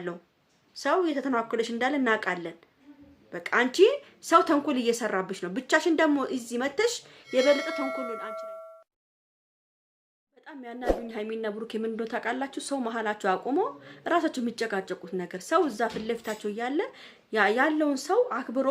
ያለው ሰው እየተተናኮለሽ እንዳለ እናውቃለን። በቃ አንቺ ሰው ተንኮል እየሰራብሽ ነው። ብቻሽን ደግሞ እዚህ መተሽ የበለጠ ተንኮሉን አንቺ በጣም ያናዱኝ ሀይሚና ብሩክ የምንዶ ታውቃላችሁ። ሰው መሀላቸው አቁሞ እራሳቸው የሚጨቃጨቁት ነገር ሰው እዛ ፊት ለፊታቸው እያለ ያለውን ሰው አክብሮ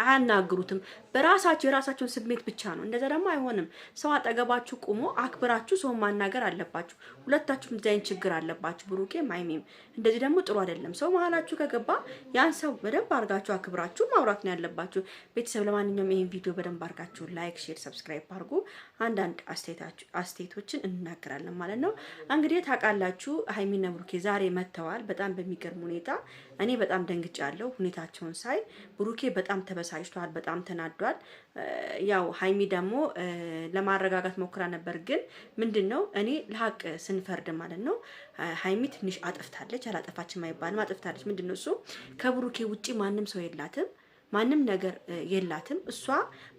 አያናግሩትም። በራሳቸው የራሳቸውን ስሜት ብቻ ነው። እንደዛ ደግሞ አይሆንም። ሰው አጠገባችሁ ቁሞ አክብራችሁ ሰውን ማናገር አለባችሁ። ሁለታችሁም ዲዛይን ችግር አለባችሁ፣ ብሩኬም ማይሚም እንደዚህ ደግሞ ጥሩ አይደለም። ሰው መሀላችሁ ከገባ ያን ሰው በደንብ አድርጋችሁ አክብራችሁ ማውራት ነው ያለባችሁ። ቤተሰብ፣ ለማንኛውም ይህን ቪዲዮ በደንብ አድርጋችሁ ላይክ፣ ሼር፣ ሰብስክራይብ አድርጉ። አንዳንድ አስተያየቶችን እንናገራለን ማለት ነው። እንግዲህ ታውቃላችሁ፣ ሀይሚና ብሩኬ ዛሬ መጥተዋል በጣም በሚገርም ሁኔታ እኔ በጣም ደንግጫ ያለው ሁኔታቸውን ሳይ ብሩኬ በጣም ተበሳጭቷል፣ በጣም ተናዷል። ያው ሀይሚ ደግሞ ለማረጋጋት ሞክራ ነበር። ግን ምንድን ነው እኔ ለሀቅ ስንፈርድ ማለት ነው ሀይሚ ትንሽ አጥፍታለች፣ አላጠፋችም አይባልም፣ አጥፍታለች። ምንድን ነው እሱ ከብሩኬ ውጪ ማንም ሰው የላትም ማንም ነገር የላትም። እሷ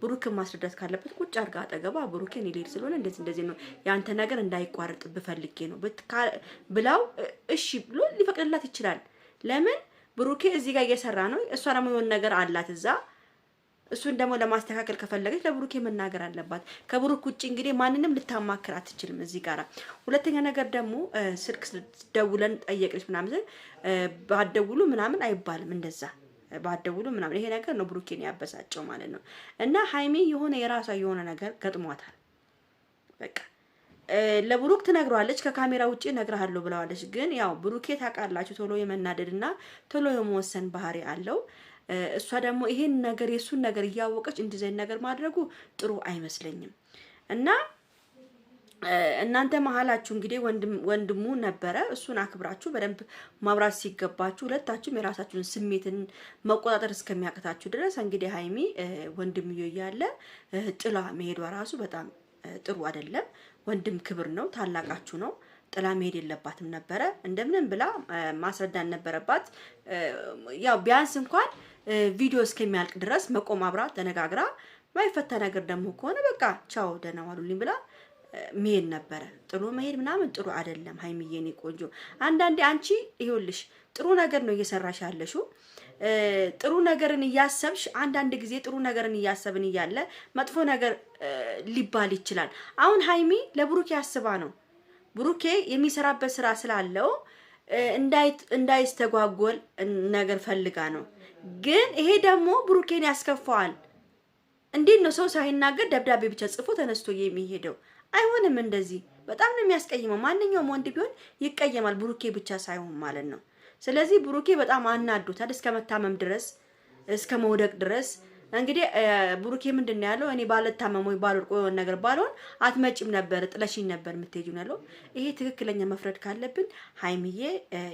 ብሩክን ማስረዳት ካለበት ቁጭ አድርጋ አጠገቧ ብሩኬን ይሌድ ስለሆነ እንደዚህ እንደዚህ ነው ያንተ ነገር እንዳይቋረጥ ብፈልጌ ነው ብላው እሺ ብሎ ሊፈቅድላት ይችላል። ለምን ብሩኬ እዚህ ጋር እየሰራ ነው፣ እሷ ደግሞ የሆነ ነገር አላት እዛ። እሱን ደግሞ ለማስተካከል ከፈለገች ለብሩኬ መናገር አለባት። ከብሩክ ውጭ እንግዲህ ማንንም ልታማክር አትችልም እዚህ ጋር። ሁለተኛ ነገር ደግሞ ስልክ ደውለን ጠየቅች ምናምን ባደውሉ ምናምን አይባልም እንደዛ ባደውሉ ምናምን ይሄ ነገር ነው ብሩኬን ያበሳጨው ማለት ነው። እና ሀይሜ የሆነ የራሷ የሆነ ነገር ገጥሟታል በቃ ለብሩክ ትነግረዋለች። ከካሜራ ውጭ እነግርሃለሁ ብለዋለች። ግን ያው ብሩኬ ታውቃላችሁ፣ ቶሎ የመናደድና ቶሎ የመወሰን ባህሪ አለው። እሷ ደግሞ ይሄን ነገር የእሱን ነገር እያወቀች እንዲህ ነገር ማድረጉ ጥሩ አይመስለኝም እና እናንተ መሀላችሁ እንግዲህ ወንድሙ ነበረ። እሱን አክብራችሁ በደንብ ማብራት ሲገባችሁ ሁለታችሁም የራሳችሁን ስሜትን መቆጣጠር እስከሚያቅታችሁ ድረስ እንግዲህ ሀይሚ ወንድምዮ እያለ ጥላ መሄዷ ራሱ በጣም ጥሩ አይደለም። ወንድም ክብር ነው፣ ታላቃችሁ ነው። ጥላ መሄድ የለባትም ነበረ። እንደምንም ብላ ማስረዳት ነበረባት። ያው ቢያንስ እንኳን ቪዲዮ እስከሚያልቅ ድረስ መቆም አብራ ተነጋግራ ማይፈታ ነገር ደግሞ ከሆነ በቃ ቻው ደህና ዋሉልኝ ብላ መሄድ ነበረ። ጥሎ መሄድ ምናምን ጥሩ አይደለም። ሀይሚዬ የኔ ቆንጆ አንዳንዴ አንቺ ይኸውልሽ ጥሩ ነገር ነው እየሰራሽ ያለሽው ጥሩ ነገርን እያሰብሽ አንዳንድ ጊዜ ጥሩ ነገርን እያሰብን እያለ መጥፎ ነገር ሊባል ይችላል። አሁን ሀይሚ ለብሩኬ አስባ ነው። ብሩኬ የሚሰራበት ስራ ስላለው እንዳይስተጓጎል ነገር ፈልጋ ነው። ግን ይሄ ደግሞ ብሩኬን ያስከፋዋል። እንዴት ነው ሰው ሳይናገር ደብዳቤ ብቻ ጽፎ ተነስቶ የሚሄደው? አይሆንም። እንደዚህ በጣም ነው የሚያስቀይመው። ማንኛውም ወንድ ቢሆን ይቀየማል፣ ብሩኬ ብቻ ሳይሆን ማለት ነው። ስለዚህ ብሩኬ በጣም አናዶታል፣ እስከ መታመም ድረስ እስከ መውደቅ ድረስ። እንግዲህ ብሩኬ ምንድን ነው ያለው? እኔ ባልታመም ወይ ባልወርቅ የሆነ ነገር ባልሆን አትመጭም ነበር፣ ጥለሽኝ ነበር የምትሄጂው ነው ያለው። ይሄ ትክክለኛ መፍረድ ካለብን ሀይምዬ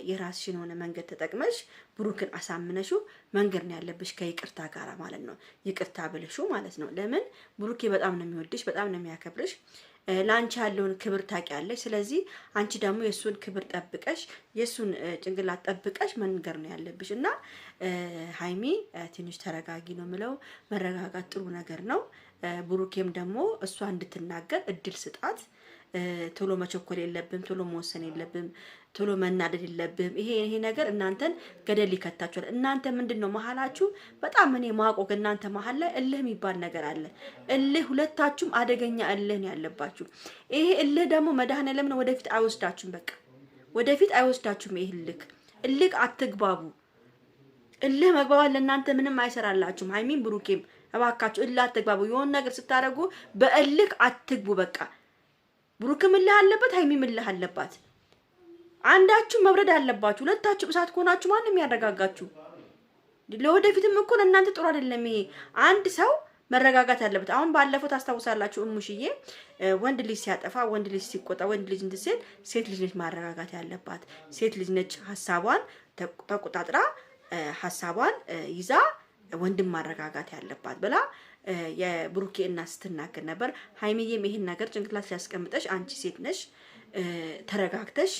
የራስሽን የሆነ መንገድ ተጠቅመሽ ብሩክን አሳምነሹ መንገድ ነው ያለብሽ፣ ከይቅርታ ጋራ ማለት ነው። ይቅርታ ብልሹ ማለት ነው። ለምን ብሩኬ በጣም ነው የሚወድሽ፣ በጣም ነው የሚያከብርሽ ለአንቺ ያለውን ክብር ታውቂያለሽ። ስለዚህ አንቺ ደግሞ የእሱን ክብር ጠብቀሽ የእሱን ጭንቅላት ጠብቀሽ መንገር ነው ያለብሽ እና ሀይሚ ትንሽ ተረጋጊ ነው የምለው። መረጋጋት ጥሩ ነገር ነው። ብሩኬም ደግሞ እሷ እንድትናገር እድል ስጣት። ቶሎ መቸኮል የለብም፣ ቶሎ መወሰን የለብም፣ ቶሎ መናደድ የለብም። ይሄ ይሄ ነገር እናንተን ገደል ይከታችኋል። እናንተ ምንድን ነው መሀላችሁ በጣም እኔ ማቆቅ እናንተ መሀል ላይ እልህ የሚባል ነገር አለ። እልህ ሁለታችሁም አደገኛ እልህ ነው ያለባችሁ። ይሄ እልህ ደግሞ መድኃኔዓለም ነው ወደፊት አይወስዳችሁም። በቃ ወደፊት አይወስዳችሁም። ይህ እልክ እልክ አትግባቡ። እልህ መግባባት ለእናንተ ምንም አይሰራላችሁም። ሀይሚን ብሩኬም እባካችሁ እልህ አትግባቡ። የሆን ነገር ስታደርጉ በእልክ አትግቡ በቃ ብሩክ ምልህ አለበት፣ ሀይሚ ምልህ አለባት። አንዳችሁ መብረድ አለባችሁ። ሁለታችሁ እሳት ከሆናችሁ ማንም ያረጋጋችሁ። ለወደፊትም እኮ እናንተ ጥሩ አይደለም። ይሄ አንድ ሰው መረጋጋት አለበት። አሁን ባለፈው ታስታውሳላችሁ፣ እሙሽዬ ወንድ ልጅ ሲያጠፋ፣ ወንድ ልጅ ሲቆጣ፣ ወንድ ልጅ እንትን ሲል ሴት ልጅ ነች ማረጋጋት ያለባት። ሴት ልጅ ነች ሀሳቧን ተቆጣጥራ ሀሳቧን ይዛ ወንድም ማረጋጋት ያለባት ብላ የብሩኬ እናት ስትናገር ነበር። ሀይሚዬም ይህን ነገር ጭንቅላት ሲያስቀምጠሽ አንቺ ሴት ነሽ ተረጋግተሽ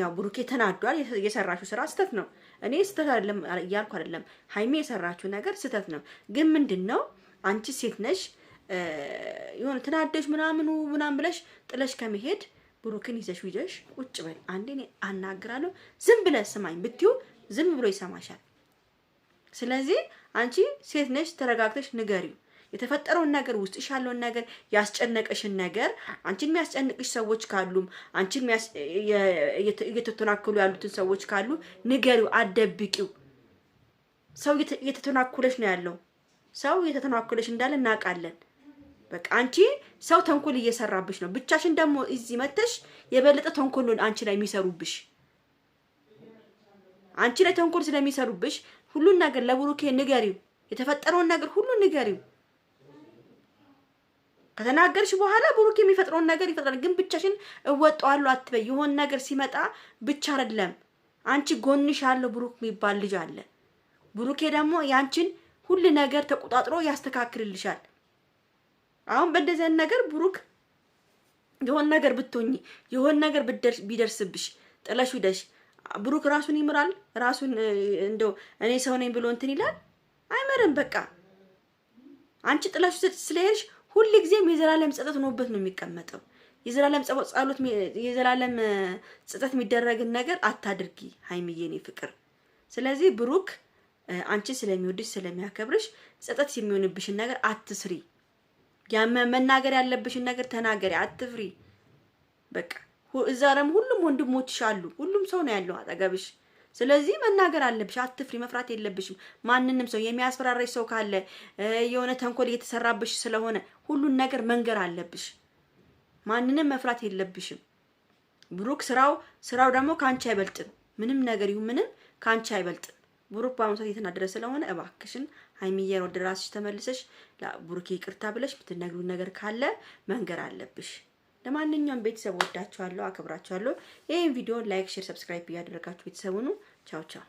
ያው ብሩኬ ተናዷል። የሰራችው ስራ ስህተት ነው። እኔ ስህተት አይደለም እያልኩ አይደለም። ሀይሜ የሰራችው ነገር ስህተት ነው። ግን ምንድን ነው አንቺ ሴት ነሽ የሆነ ትናደሽ ምናምኑ ምናም ብለሽ ጥለሽ ከመሄድ ብሩክን ይዘሽ ይዘሽ ቁጭ በል አንዴ እኔ አናግራለሁ። ዝም ብለ ስማኝ ብትዩ ዝም ብሎ ይሰማሻል። ስለዚህ አንቺ ሴት ነሽ፣ ተረጋግተሽ ንገሪው። የተፈጠረውን ነገር ውስጥሽ ያለውን ነገር ያስጨነቀሽን ነገር አንቺን የሚያስጨንቅሽ ሰዎች ካሉም አንቺን እየተተናከሉ ያሉትን ሰዎች ካሉ ንገሪው፣ አደብቂው ሰው እየተተናኮለሽ ነው ያለው። ሰው እየተተናኮለሽ እንዳለ እናውቃለን። በቃ አንቺ ሰው ተንኮል እየሰራብሽ ነው። ብቻሽን ደግሞ እዚህ መተሽ የበለጠ ተንኮል አንቺ ላይ የሚሰሩብሽ አንቺ ላይ ተንኮል ስለሚሰሩብሽ ሁሉን ነገር ለብሩኬ ንገሪው። የተፈጠረውን ነገር ሁሉ ንገሪው። ከተናገርሽ በኋላ ብሩክ የሚፈጥረውን ነገር ይፈጥራል። ግን ብቻሽን እወጣዋለሁ አትበይ። የሆን ነገር ሲመጣ ብቻ አይደለም አንቺ ጎንሽ ያለው ብሩክ የሚባል ልጅ አለ። ብሩኬ ደግሞ ያንቺን ሁል ነገር ተቆጣጥሮ ያስተካክልልሻል። አሁን በእንደዚህ ነገር ብሩክ የሆን ነገር ብትሆኚ የሆን ነገር ቢደርስብሽ ጥለሽ ደሽ ብሩክ ራሱን ይምራል። ራሱን እንደው እኔ ሰው ነኝ ብሎ እንትን ይላል አይመርም። በቃ አንቺ ጥለሽ ስለሄድሽ ሁል ጊዜም የዘላለም ጸጸት ሆኖበት ነው የሚቀመጠው። የዘላለም ጸሎት፣ የዘላለም ጸጸት የሚደረግን ነገር አታድርጊ ሀይሚዬ፣ እኔ ፍቅር። ስለዚህ ብሩክ አንቺ ስለሚወድሽ ስለሚያከብርሽ ጸጸት የሚሆንብሽን ነገር አትስሪ። መናገር ያለብሽን ነገር ተናገሪ፣ አትፍሪ። በቃ እዛ ደግሞ ሁሉም ወንድሞችሽ አሉ። ሁሉም ሰው ነው ያለው አጠገብሽ። ስለዚህ መናገር አለብሽ። አትፍሪ፣ መፍራት የለብሽም። ማንንም ሰው የሚያስፈራራሽ ሰው ካለ የሆነ ተንኮል እየተሰራብሽ ስለሆነ ሁሉን ነገር መንገር አለብሽ። ማንንም መፍራት የለብሽም። ብሩክ ስራው ስራው ደግሞ ከአንቺ አይበልጥም። ምንም ነገር ይሁን ምንም ከአንቺ አይበልጥም። ብሩክ በአሁኑ ሰዓት የተናደረ ስለሆነ እባክሽን ሀይሚዬን ወደ ራስሽ ተመልሰሽ ብሩኬ ይቅርታ ብለሽ የምትነግሪው ነገር ካለ መንገር አለብሽ። ለማንኛውም ቤተሰብ ወዳችኋለሁ፣ አከብራችኋለሁ። ይህን ቪዲዮ ላይክ፣ ሼር፣ ሰብስክራይብ እያደረጋችሁ ቤተሰቡኑ ቻው ቻው።